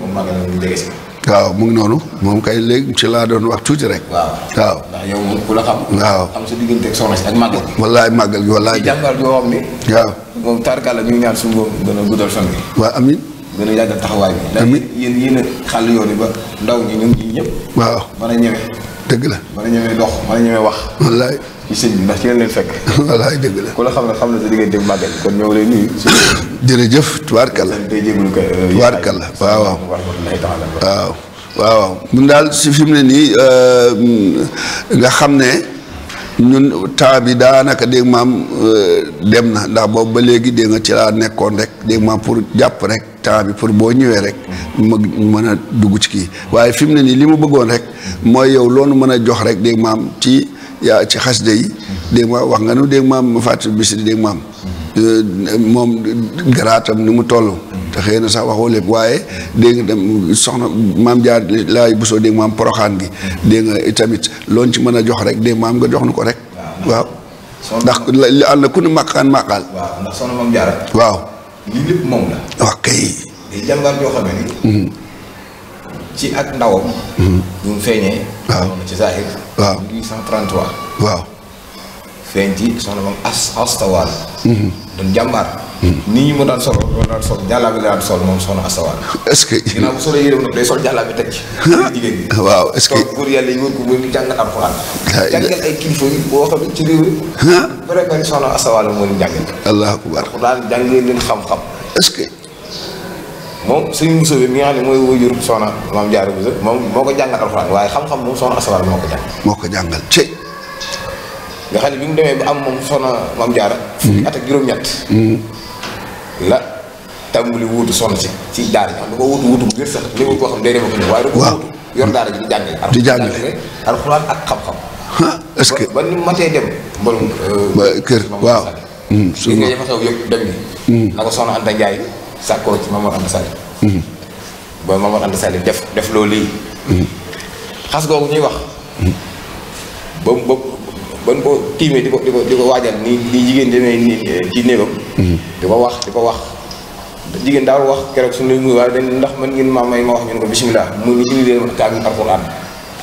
moom màggal mu jege si. waaw mu ngi noonu. moom kay léegi ci laa doon wax tuuti rek. waaw waaw. ndax yow moom ku la xam. waaw xam sa diggante ak soxna si ak màggal gi. wallaay màggal gi wallaay. xam ne. waaw moom tarkalla ñu ngi ñaan suñu bopp gën a guddal fan bi. waaw amiin. gën a yàggal taxawaay bi. amiin ndax yéen yéen a xàll yoon yi ba ndaw ñi ñun ñii ñëpp. waaw mën a ñëwee. dëgg la mën a ñëwee dox mën a ñëwee wax. wallaay. ci sëñ bi ndax ci leen leen fekk. [LAUGHS] wallaay dëgg la ku la xam ne xam na sa diggante ak màggal kon ñoo lay nuyu jërëjëf tubaarkalla. Euh, tubaarkalla waaw waaw. waaw waaw. mun daal si fi mu ne nii euh, nga xam ne ñun temps bi daanaka dégg maam euh, dem na ndax boobu ba léegi dégg nga ci laa nekkoon rek dégg maam pour jàpp rek temps bi pour boo ñëwee rek. ma mën a dugg ci kii waaye fi mu ne nii li mu bëggoon rek. mooy yow loolu mën a jox rek dégg maam ci. yaa ci xasida yi dégg ma wax nga nu dégg maam ma fàttali si dégg maam euh, moom garaatam ni mu toll te xëy na sax waxoo lépp waaye dégg dem soxna maam jaar laay busoo dégg maam poroxaan gi dégg nga tamit lool ci mën a jox rek dégg maam nga jox nu ko rek waaw ndax li ànd na ku ne màqaan màqaal waaw ndax soxna la waaw kay ci ak ndawam. ñu hmm. mu feeñee. waaw ci saa waaw 1833. waaw. feeñ ci soxna moom as astawaal. Hmm. doon jàmbaar. Hmm. nii ñu ma daan solo loolu daan sol jàllaabi la daan sol moom soxna astawaal. est-ce solo sol jàllaabi teg ci. [LAUGHS] jigéen ñi. waaw est-ce que góor yàlla yi wër ko wër jàngal alxuraan. jàngal ay kilifa boo xam ne ci réew mi. bu soxna astawaal moo leen jàngal. allahu akbar. daan jàngee leen xam-xam. moom sëñ Moussa bi mi nga xam ne mooy wajur soxna maam Diarra Bousso moom moo ko jàngal alxuraan waaye xam-xam moom soxna Asawar moo ko jàngal. moo ko jàngal cey. nga xam ne bi mu demee ba am moom sona maam Diarra. Hmm. fukki at ak juróom-ñett. Hmm. la tàmbali wuutu soxna si ci daara ji xam da ko bu wér sax néew koo xam day dem ak ñoom waaye da ko wuutu yor daara ji di jàngale. di ak xam-xam. est-ce que ba matee dem. borom euh, kër waaw. su ma li nga jafe-jafe yëpp dem ni. Hmm. na ko soxna Anta Ndiaye. sàkkoo ci Mamoor Anta Sali ba mhm. Mamoor Anta Sali def def loolu lii xas googu ñuy wax ba ba ban ko tiimee di ko di ko di ko ni ni jigéen demee nii ci néegam mhm. di ko wax di ko wax jigéen daawul wax keroog suñu muy waaye ah, dañ ndax man ngeen ma may ma wax ñun ko bismillah mu ni ci leen kaa ngi alquran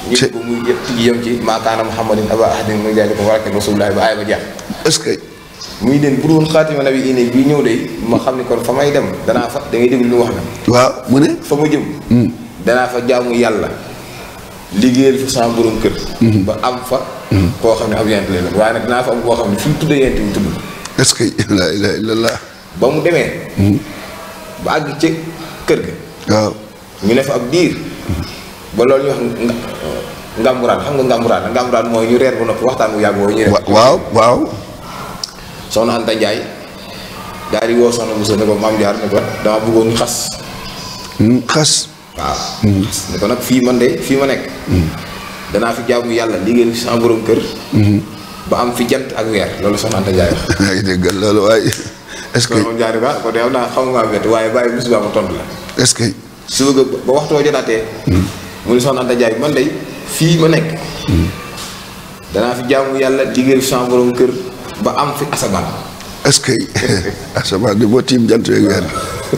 ñu ko muy yëpp ci yëm ci maakaana muhammadin aba ahadin mu jaay ko warake rasulullahi ba aaya ba jeex muy leen bu doon xaatima nabi ine bii ñëw de ma xam ne kon fa may dem danaa fa dangay ngay déglu lu wax na waaw mu ne fa ma jëm hmm. danaa fa jaamu yàlla liggéeyal fa sama borom kër hmm. ba am fa hmm. koo xam ne ab yent lay waaye nag danaa fa am koo xam ne fi mu tuddee yent bi tudd la [LAUGHS] ilaha ba mu demee ba àgg ci kër ga waaw ñu ne fa ab diir ba loolu ñu wax ngàmburaan xam nga ngàmburaan ngàmburaan mooy ñu reer bu noppi waxtaan bu yàgg woo ñu reer waaw waaw soxna Anta Ndiaye daal di woo soxna Moussa ne ko maam jaar xas. xas. waaw. Mm. ne fii man de fii ma nekk. Mm. danaa fi jaamu yàlla liggéeyal fi sama borom kër. Mm. ba am ak weer loolu soxna Anta Ndiaye wax. [LAUGHS] ay dégg loolu waaye est-ce ba ko la. est-ce que. su bëgg mu ne soxna Anta man de fii ma nekk. danaa fi jaamu yàlla liggéeyal fi sama borom kër. ba am fi asamaan. est-ce que [LAUGHS] asamaan bi moo tiim jant yeeg weer bi.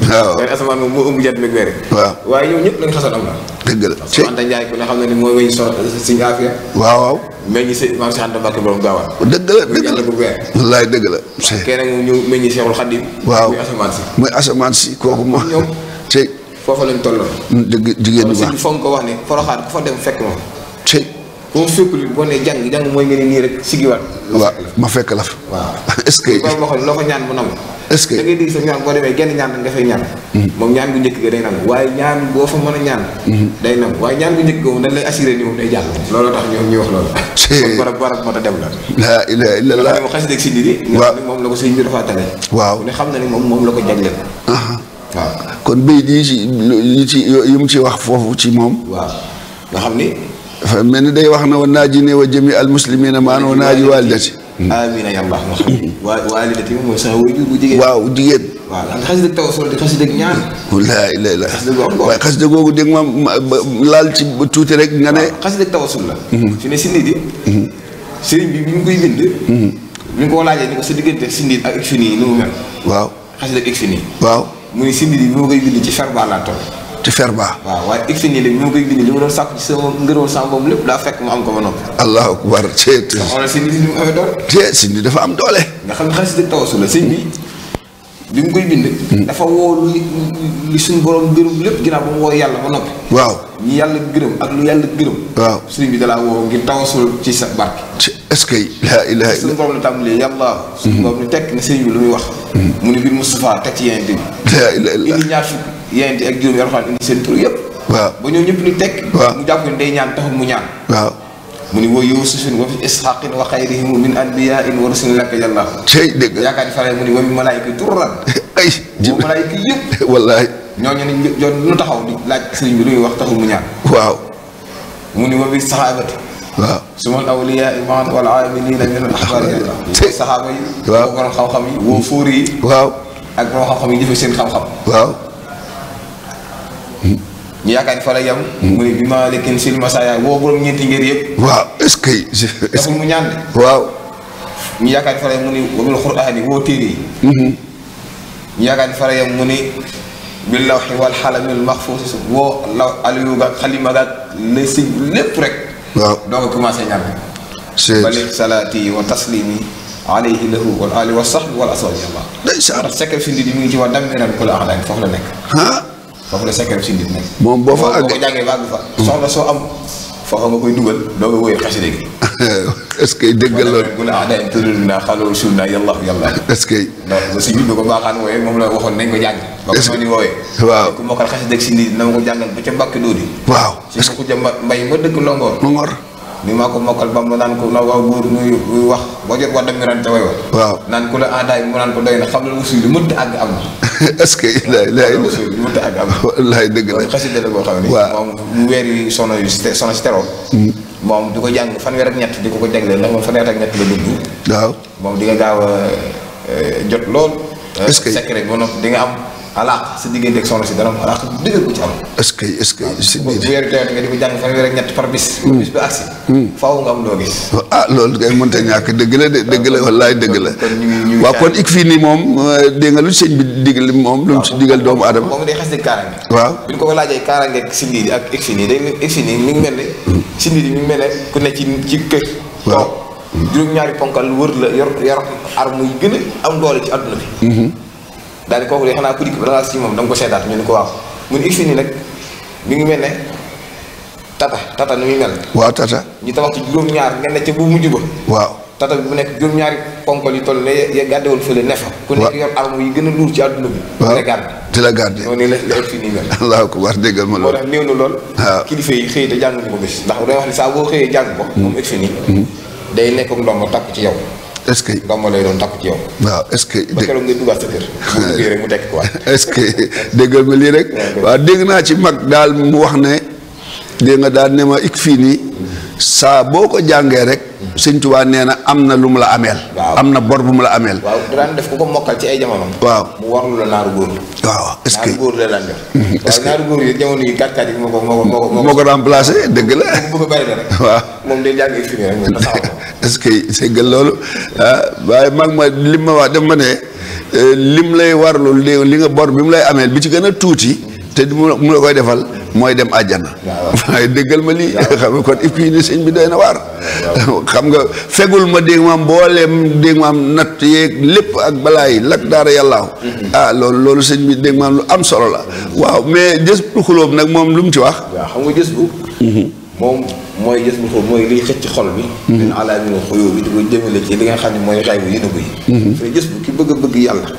waaw benn [LAUGHS] asamaan moom waaye ñoom ñëpp la ñu xasoon am na. dëgg la xam na ni mooy so si affaire. waaw waaw. meññ si maam si Anta Mbacke borom gaawaan. dëgg la bu weer. wallaay dëgg la. c'est kenn nag ñu meññ Cheikhul Khadim. waaw muy asamaan si. muy asamaan si foofu moo. ñoom te. tolloon. dëgg jigéen ñi baax kon ko wax ne foroxaat ku fa dem fekk moom. moom sukkuli boo nee jàng jàng mooy ngeen nii rek sigiwaat. waaw ma fekk la fa. waaw [LAUGHS] est-ce loo ko ñaan bu nangu. est hmm. moom ñaan a ñaan. day nangu waaye ñaan bu hmm. njëkk a si nit yi. waaw moom la ko sëñ bi la ko kon béy yi ci yi mu ci wax foofu ci moom. waaw nga xam ni dafa mel ni day wax na wa naaji ne wa jëmi al muslimina maan wa naaji walidati amina yàlla ma xam hmm. walidati mooy sax wajur bu jigéen waaw jigéen waaw xasida tawassul di xasida ñaan la ilaha illa waaye xasida googu de ma laal ci tuuti rek nga ne xasida tawassul la hmm. fi ne sindi di hmm. sëriñ bi bi ñu koy bind bi ñu ko laajee ni ko sa diggante sindi ak Ecfini ni mu mel waaw xasida Ecfini waaw mu ne sindi di bi ma koy bind ci Farba laa toll ci Ferba. waaw waaye Ixfini ñu koy bind li ma doon sàkku ci sama ngërëm sama boobu lépp daa fekk mu am ko ba noppi. allahu akbar. te te si ni mu amee doole. te si ni dafa am doole. nga xam ne xasida tawasul la sëñ bi. bi mu koy bind. Hmm. dafa woo li li suñu borom gërëm lépp ginnaaw ba mu woo yàlla ba noppi. waaw ñu yàlla gërëm ak lu yàlla gërëm. waaw sëriñ bi dalaa woo ngir tawasul ci sa barke. est-ce que laa ilaaha suñu borom la tàmbalee yàlla. suñu hmm. borom ni tekk na sëriñ bi lu muy wax. Hmm. mu ni biir Moustapha teg ci yeneen bi. laa ilaaha illallah indi ñaar fukk yeneen ak juróom yi alxuraan indi seen tur yëpp. waaw ba ñoom ñëpp ni tekk. waaw mu jàpp ne day ñaan taxul mu ñaan. waaw. mu ni wa yuusufin wa fi isxaqin wa min anbiyain wa rusulin lakk yàlla tey dëgg mu ni wa min malaayika [LAUGHS] ay wa malaayika yëpp [LAUGHS] wallaay ñooñu ne joon taxaw di laaj si bi lu muy wax taxul mu ñaan waaw mu ni wa bi saxaabati su sumal awliyaa iman wal aamilina min al axbaar yi saxaaba yi waaw borom xam-xam yi woo fóor yi waaw ak borom xam-xam yi jëfe seen xam-xam ñu yaakaar fa la yam. mu ne bi ma lekkin sil masaya woo borom ñeenti ngir yëpp. waaw est-ce que. est-ce que ñaan waaw. ñu yaakaar fa la yam mu ne wabil xuraani woo téere yi. Mm-hmm. ñu yaakaar fa la yam mu ne bil wal xalamil maxfuus woo law xalima gaag la sëñ lépp rek. waaw doo ko commencé ñaan. c'est bali salaati wa taslimi wa sahbi wal aswaji allah. day saa ndax sekk mu ngi ci wax dammiral kula nekk. foofu la secret si nit moom boo fa àgg boo ko jàngee ba àgg fa. soxla soo am foofa nga koy dugal doo ko [LAUGHS] ce que dëgg la loolu. bu la ah day tëdd naa yàlla yàlla. est-ce que. wooyee moom la waxoon nañ ko jàng. est-ce que wooyee. waaw ku mokkal xasida si nit na ma ko jàngal ba ca mbàkk dóodi. waaw est-ce que ci mbay ma dëkk Longoor. Longoor. ni maa ko mokkal ba mu naan ko na waaw góor muy wax boo jot wax dem nga naan te way wa. waaw naan ku la ah mu naan ko doy na xam la lu suy lu mënta àgg am [LAUGHS] est-ce que. wallaay dëgg la xasida la boo xam ne. waaw moom weer yu sono yu sono hmm. moom du ko jàng fanweer ak ñett di ko ko jagleel ndax moom fanweer ak ñett la dugg. waaw moom di nga gaaw a euh, jot lool. est-ce que euh, secret ba am. alaq sedikit digënté ak soxna si dara alaq digël ko ci am est ce est ce que ci biir wéru nga jang fa ak ñett par bis bis bi aksi faaw nga am gis ah lool ngay mënta ñak deug la deug la wallahi deug la wa kon ik fi ni mom de nga lu señ bi digal mom lu ci digal doomu adam mom day xasse karange waaw buñ ko laaje karange ak sindi ak ik fi ni day ik fi ni mi ngi melni mi ngi melni ku ne ci ci juroom ñaari ponkal wër la gëna am doole ci aduna bi daal ko kooku de xanaa ku dikk ba laal moom da nga ko seetaat ñu ne ko waaw mu ne ifini nag mi ngi mel tata tata nu muy mel. waaw tata. ñu tabax ci juróom-ñaar nga ne ca bu mujj ba. waaw tata bu nekk juróom-ñaari ponkol yi toll ya gàddeewul fële ne fa. ku nekk yor arme yi gën a luur ci àdduna bi. waaw di la garde. di la garde moo ne la la ifini mel. [LAUGHS] allahu akbar déggal ma lool. moo tax néew na lool. waaw kilifa yi xëy te ko bis. ndax wax ko. Hmm. day ci yow est-ce que. gàmmu lay doon takku ci yow. waaw est-ce que. ba keroog [LAUGHS] mu tekk quoi. [LAUGHS] ce que déggal ma lii rek. [LAUGHS] waa dégg naa ci mag daal mu wax ne. dégg nga daal ne ma fii nii. saa boo ko jàngee rek. sëñ Tuubaa nee na am na lu mu la ameel. am na bor bu mu la ameel. waaw daan def ku ko mokkal ci ay jamono. waaw mu warlu la naaru góor. waaw est-ce que naaru góor la daan def. [LAUGHS] est-ce que naaru góor yi jamono yi kat ko moo ko moo la. bu ko bàyyi [LAUGHS] moom day jàng exprimé rek [LAUGHS] que sëggal loolu ah, waaye mag ma lim ma wax dem ma ne eh, lim lay warlu li nga bor bi mu lay ameel bi ci gën a tuuti. te du mu la koy defal. mooy dem àjjana waaye déggal ma lii xam nga sëñ bi doy na waar xam nga fegul ma dégg maam mbooleem dégg maam natt yeeg lépp ak balaa yi lak daara yàllaaw mm-hmm. ah loolu loolu sëñ bi dégg maam lu am solo la mm-hmm. waaw mais jës bu bi nag moom lu mu ci wax waaw nga jës bu mm-hmm. moom mooy jës bu xulóob mooy liy xëcc xol bi min alaamina xuyóo bi di ko jëmale ci li nga ne mooy xay bu ki bëgg bëgg yàlla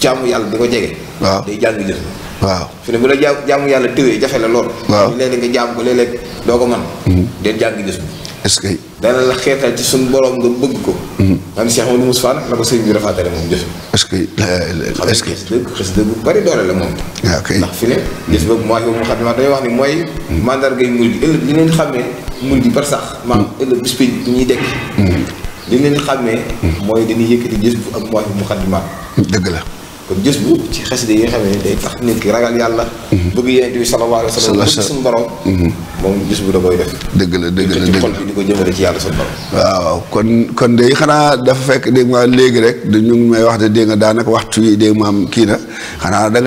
jaamu yàlla di ko jege. waaw day jàng jël. waaw fi ne bu la ja yàlla tëwee jafe la lool. waaw léeg-léeg nga jaam ko léeg doo ko mën. Mm-hmm. del jàng jël. est-ce que. dana la ci suñu borom nga bëgg ko. Mm-hmm. am Cheikh Amadou Moussa nag la ko sëriñ bi moom jëf. que est que. bu bari doole la moom. waaw ah, kay ndax fi ne. gis boobu mooy boobu nga xam dañuy wax ni mooy. Mm-hmm. mandargay mul gi ëllëg li leen xàmmee. mul gi par sax. maam ëllëg bis bi ñuy dekk. li leen xàmmee. mooy dañuy yëkkati gis bu ak mooy mu xaddimaat. dëgg la. kon jës bu ci xes yi nga xam ne day tax nit ki ragal yàlla. Mhm. bëgg yonent bi sallallahu alayhi wa sallam bëgg suñu borom. Mhm. moom da koy def. dëgg la dëgg la dëgg la di ko jëmale ci yàlla suñu borom. waaw kon kon day xanaa dafa fekk dégg nga léegi rek ñu ngi may wax de dégg nga daanaka waxtu yi dégg maam kii na xanaa da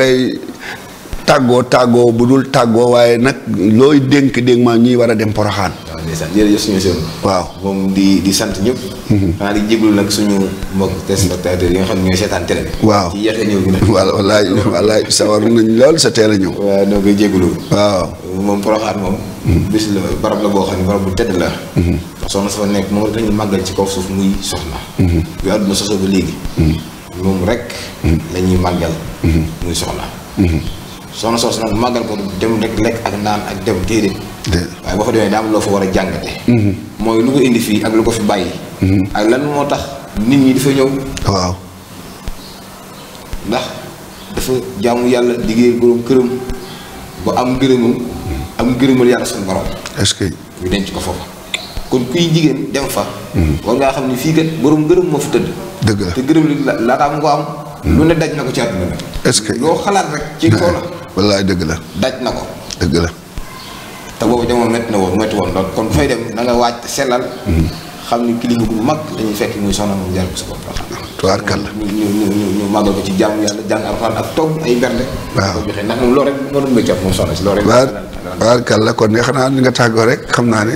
tàggoo tàggoo bu dul tàggoo waaye nag looy dénk dégg maa ñuy war a dem poroxaan ndeysaan jërëjëf suñu sëñ waaw moom di di sant ñëpp xanaa di jiblu nag suñu mbokk téléspectateurs yi kan nga xam ne ñooy seetaan télé bi waaw ci wow ñëw gi nag waaw wallaay wallaay sawar nañ lool sa teel a ñëw waaw noo koy jéglu waaw moom Porokhane moom bis la barab la boo xam ne barab bu tedd la soxna safa nekk moom dañu màggal ci kaw suuf muy soxna bi àdduna soso ba léegi moom rek la ñuy màggal muy soxna soxna soos nag màggal ko dem rek lekk ak naan ak dem déedéet waaye boo fa demee daa am loo fa war a jàngate mhm. mooy lu ko indi fii ak lu ko fi bàyyi mhm. ak lan moo tax nit ñi dafa ñëw waaw ndax dafa jaamu yàlla liggéeyal boroom këram ba am ngërëmam am ngërëmal yàlla suñu borom est-ce que ñu denc ko foofu kon kuy jigéen dem fa mhm. war ngaa xam ni fii kat boroom gërëm moo fi tëdd dëgg la te gërëm li laataa mu ko am lu ne daj na ko ci àdduna est-ce que loo xalaat rek ci kaw la wallaay dëgg la daj na ko dëgg la te boobu jamono métti na woon métti woon lool kon ku fay dem na nga waaj sellal. Hmm. xam ni kilifa bu mag dañuy fekk muy soxna moom jaar ko sa bopp tubaarkàlla ñu ñu ñu ñu màggal ko ci jàmm yàlla jàng alxuraan ak togg ay bernde. waaw ko joxe ndax moom loolu moo doon mbéy moom soxna si loolu rek. tubaarkàlla kon nga xanaa nga tàggoo rek xam naa ne.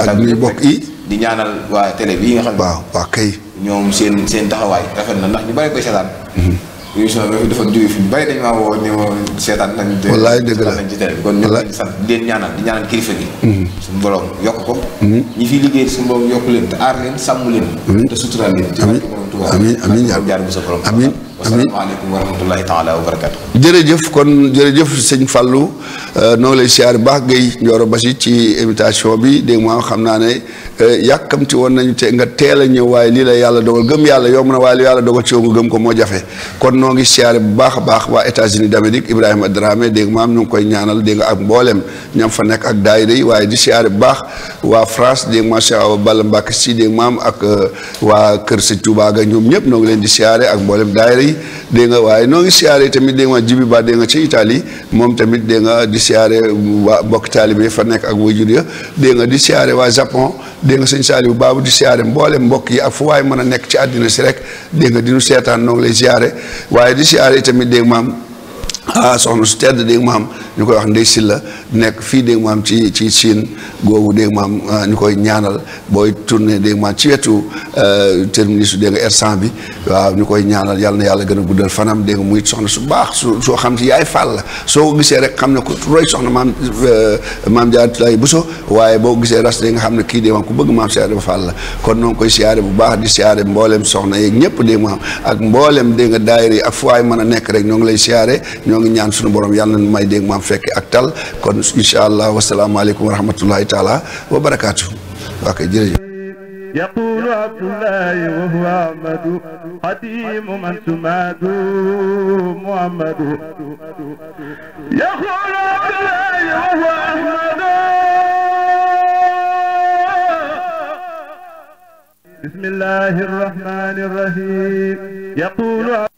ak ñuy bokk yi. di ñaanal waa télé yi nga xam ne. waaw waa kay. ñoom seen seen taxawaay rafet na ndax ñu bari koy seetaan. Hmm. émission bi dafa jóge fi bari dañ maa woo ni ma seetaan nañ. wallaay dëgg la ci télé bi kon ñu ngi sant di leen ñaanal di ñaanal kilifa gi. Mm-hmm. suñu yokk ko. Mm-hmm. ñi fi liggéey su borom yokk leen te aar leen sàmm leen. te suturaal leen. amiin amiin amiin jaar bu sa borom. wasalaamaaleykum wa rahmatulahi taala wa barakatu jërëjëf kon jërëjëf sëñ Fallou euh, noonu ngi lay siyaar baax Guèye Ndioro Basi ci invitation bi déeg nga xam naa ne euh, yàkkamti woon nañu te nga teel a ñëw waaye lii la yàlla dogal gëm yàlla yomb na waaye li yàlla dogal ci yow nga gëm ko moo jafe kon noo ngi siyaare bu baax a baax waa États-Unis d'Amérique Ibrahima Dramé dégg maam ñu ngi koy ñaanal dégg nga ak mboolem ñam fa nekk ak daayira waaye di siyaare bu baax waa France dégg ma Cheikh Awa Balla Mbacke si dégg maam ak euh, waa Kër Sëñ Touba ga ñoom ñëpp noo ngi leen di siyaare ak mboolem daayira Ndiaye dégg nga waaye noo ngi siyaare tamit dégg nga Jibi Ba dégg nga ca Italie moom tamit dégg nga di siyaare waa bokk taalibe fa nekk ak wajur ya dégg nga di siyaare waa Japon dégg nga sëñ Saliou Baabu di siyaare mboole mbokk yi ak fu waay mën a nekk ci àddina si rek dégg nga di nu seetaan noo ngi lay siyaare waaye di siyaare tamit dégg maam soxna su tedd dégg nga maam ñu koy wax Ndeye Sylla nekk fii dégg nga maam ci ci Chine googu dégg nga maam ñu koy ñaanal booy tourné dégg nga maam ci wetu terminus su dégg nga bi waaw ñu koy ñaanal yàlla yàlla gën a guddal fanam dégg nga muy soxna su baax su soo xam si yaay fàll la soo ko gisee rek xam ne ku roy soxna maam maam bu so waaye boo gisee ras dégg nga xam ne kii dégg nga maam ku bëgg maam siyaare ba fàll la kon noo ngi koy siyaare bu baax di siyaare mbooleem soxna yeeg ñëpp dégg nga maam ak mbooleem dégg nga yi ak fu waay mën a nekk rek ñoo ngi lay siyaare ngi ñaan suñu borom yàlla na may dégg maam fekke ak tal kon incha allah wasalaamaaleykum wa rahmatullahi taala wa barakaatu waa kay jërëjëf يقول عبد الله وهو أحمد قديم من سماد محمد يقول عبد الله وهو أحمد بسم الله الرحمن الرحيم يقول